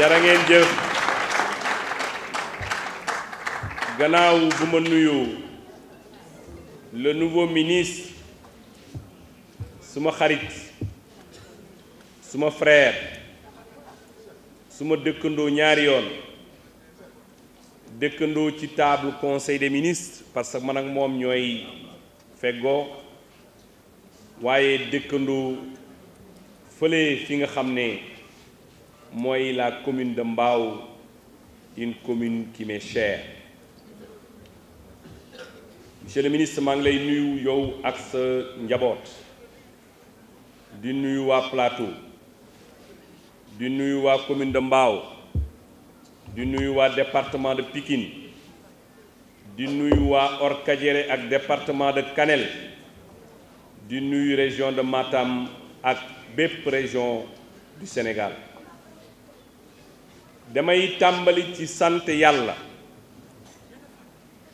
jërë ngeen jëf gannaaw bu nuyu le nouveau ministre suma xarit suma frère suma dëkkandoo ñaar yoon dëkkandoo ci table conseil des ministres parce que man ak mom ñoy feggoo waye dëkkandoo feulé fi nga xamné moi, la commune de Mbao une commune qui m'est chère monsieur le ministre je suis à nuyu yow ak sa Plateau di nuyu commune de Mbao di nuyu département de Pikine di nuyu waa et et département de Canel, di nuyu région de Matam ak la région du Sénégal damay tàmbali ci sant yàlla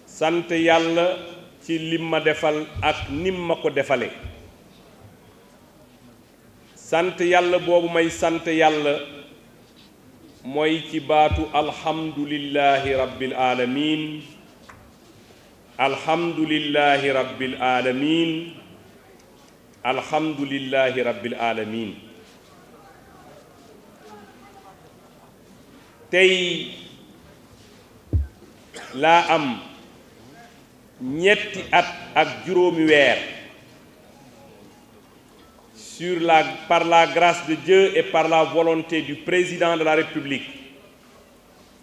sant yàlla ci lim ma defal ak nim ma ko defale sant yàlla boobu may sant yàlla mooy ci baatu alhamdulillahi rabbil alamin alhamdulillahi rabbil alamin alhamdulillahi rabbil alamin tay la am ñetti at ak sur la par la grâce de Dieu et par la volonté du président de la République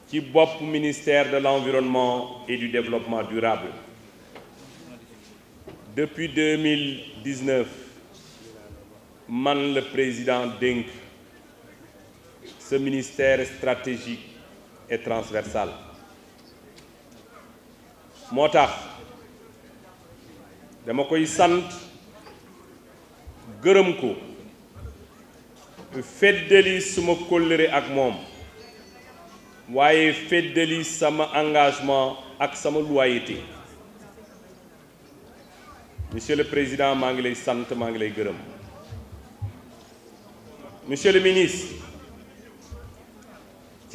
qui pour le ministère de l'environnement et du développement durable depuis 2019 le président Dink ce ministère stratégique et transversal Mota. dama sant de ko de de ak engagement ak loyauté monsieur le président je suis monsieur le ministre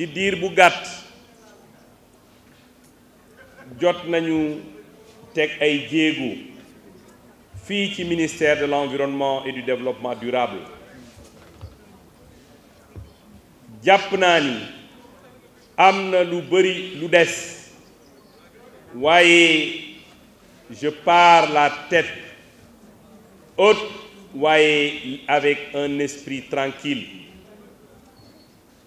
ci diir bu gàtt jot nañu teg ay ministère de l'environnement et du développement durable jàpp naa ni am na lu je pars la tête haute waaye avec un esprit tranquille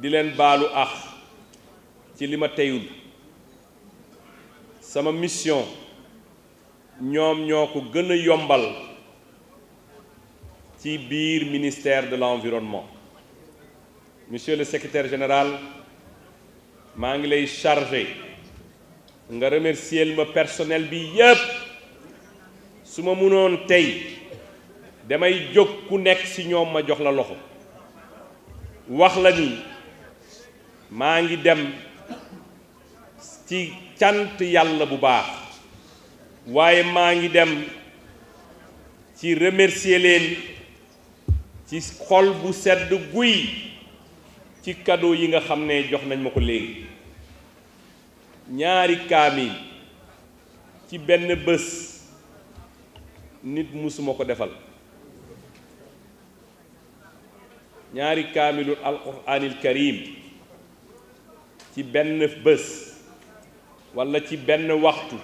di len balu àq ci lima teyul sama mission ñom ñoko ko yombal ci biir ministère de l'environnement monsieur le secrétaire général ma ngi lay chargé nga remercier ma personnel bi yépp suma mënon tay tey damay ku nekk ci ñom ma jox la loxo wax la ni maa ngi dem ci cant yàlla bu baax waaye maa ngi dem ci remercier leen ci xol bu sedd guy ci cadeau yi nga xam ne jox nañ ma ko léegi ñaari kaamil ci benn bés nit musuma ko defal ñaari kaamilul alquranil karim ci benn bés walla ci benn waxtu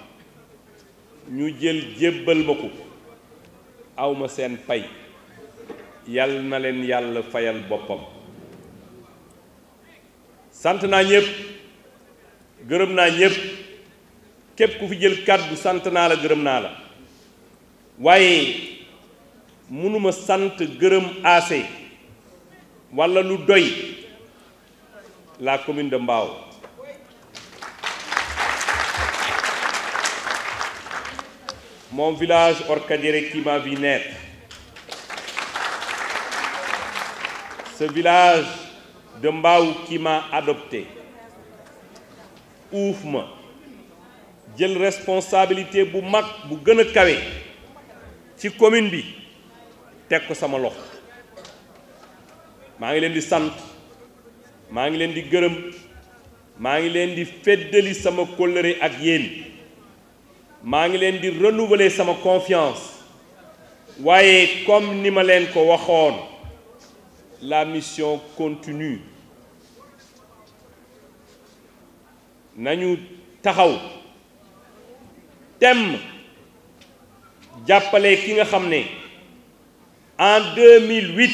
ñu jël jébbal ma ko awma seen pay yal na leen yàlla fayal boppam sant naa ñépp gërëm naa ñépp képp ku fi jël kàddu sant naa la gërëm naa la waaye mënuma sant gërëm aase walla lu doy la commune de Mon village Orkadiré qui m'a vu naître. Ce village de qui m'a adopté. Ouvre-moi. J'ai la responsabilité pour ma, bu la a ci commune bi ko sama Je ngi maa ngi leen di gërëm maa ngi leen di feddali sama kóllëre ak yéen maa renouveler sama confiance waaye comme ni ma leen ko waxoon la mission continue nañu taxaw tem jàppale ki nga xam ne en 2008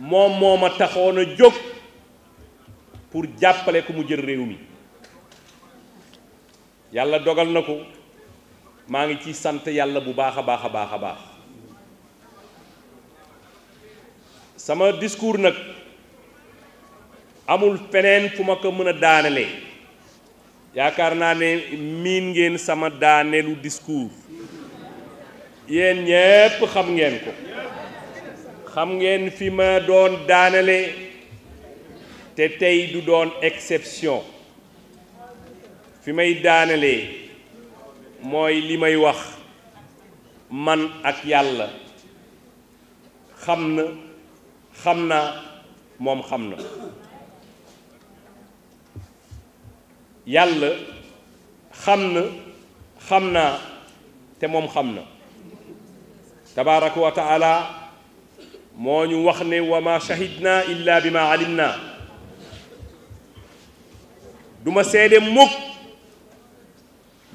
moom moo ma taxoon a jóg pour jàppale ko mu jël réew mi yàlla dogal na ko maa ngi ci sant yàlla bu baax a baax a baax a baax sama discours nag amul feneen fu ma ko mën a daanale yaakaar naa ne miin ngeen sama daaneelu discours yéen ñépp xam ngeen ko xam ngeen fi ma doon daanele te tey du doon exception fi may daanalee mooy li may wax man ak yàlla xam na xam naa moom xam na yàlla xam na xam naa te moom xam na tabaraka wa taala moo ñu wax ne wa ma shahidna illa bi ma alimna du ma seede mukk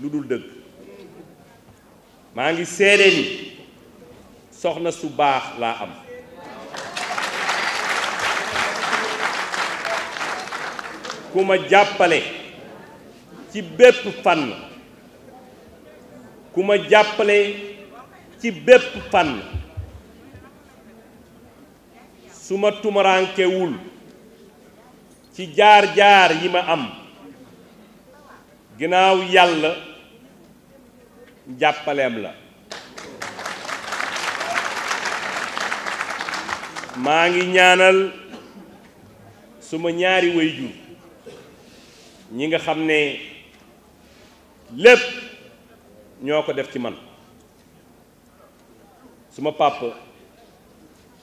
lu dul dëgg maa ngi seede ni soxna su baax laa am ku ma jàppale ci bépp fànn ku ma jàppale ci bépp fànn suma tumuraankewul ci jaar-jaar yi ma am ginaaw yàlla jàppaleem la maa ngi ñaanal suma ñaari wayjur ñi nga xam ne lépp ñoo ko def ci man suma papa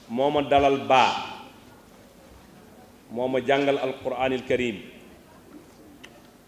moo ma dalal baa moo ma jàngal alquranil karim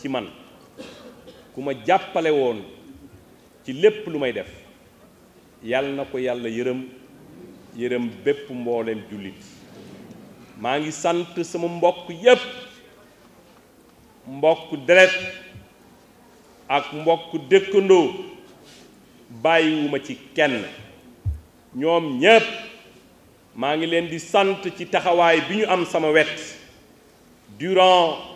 ci man ku ma jàppale woon ci lépp lu may def yàlla na ko yàlla yërëm yërëm bépp mbooleem jullit maa ngi sant sama mbokk yépp mbokk deret ak mbokk dëkkandoo bàyyiwuma ci kenn ñoom ñépp maa ngi leen di sant ci taxawaay bi ñu am sama wet durant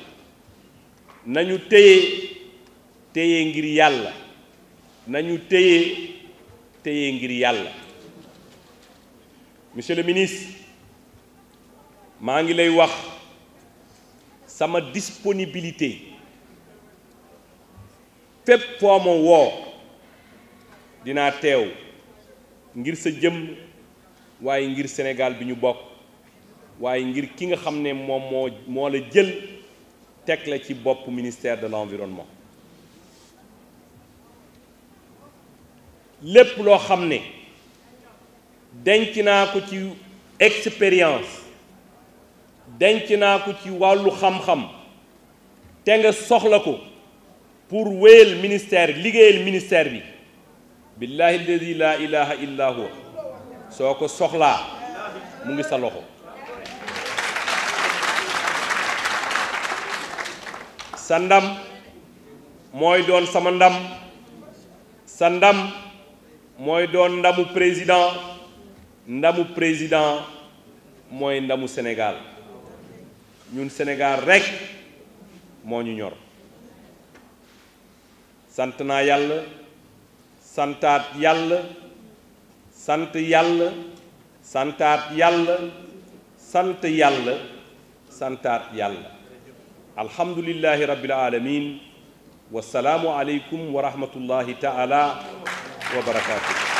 nañu téyé téyé ngir yalla nañu téyé téyé ngir monsieur le ministre ma ngi lay wax sama disponibilité je suis mon wo dina teew ngir sa jëm waye ngir Sénégal biñu bok waye ngir ki nga xamné mo teg la ci bop ministère de l'environnement lepp lo xamné dencina ko ci expérience dencina ko ci walu xam-xam te nga soxla ko pour wéyal ministère ligéel ministère bi billahi alladhi la ilaha illa huwa soko soxla mu ngi sa loxo sa ndam mooy doon sama ndam sa ndam mooy doon ndamu président ndamu président mooy ndamu Sénégal ñun Sénégal rek moo ñu ñor sant naa yàlla santaat yàlla sant yàlla santaat yàlla sant yàlla santaat yàlla الحمد لله رب العالمين والسلام عليكم ورحمة الله تعالى وبركاته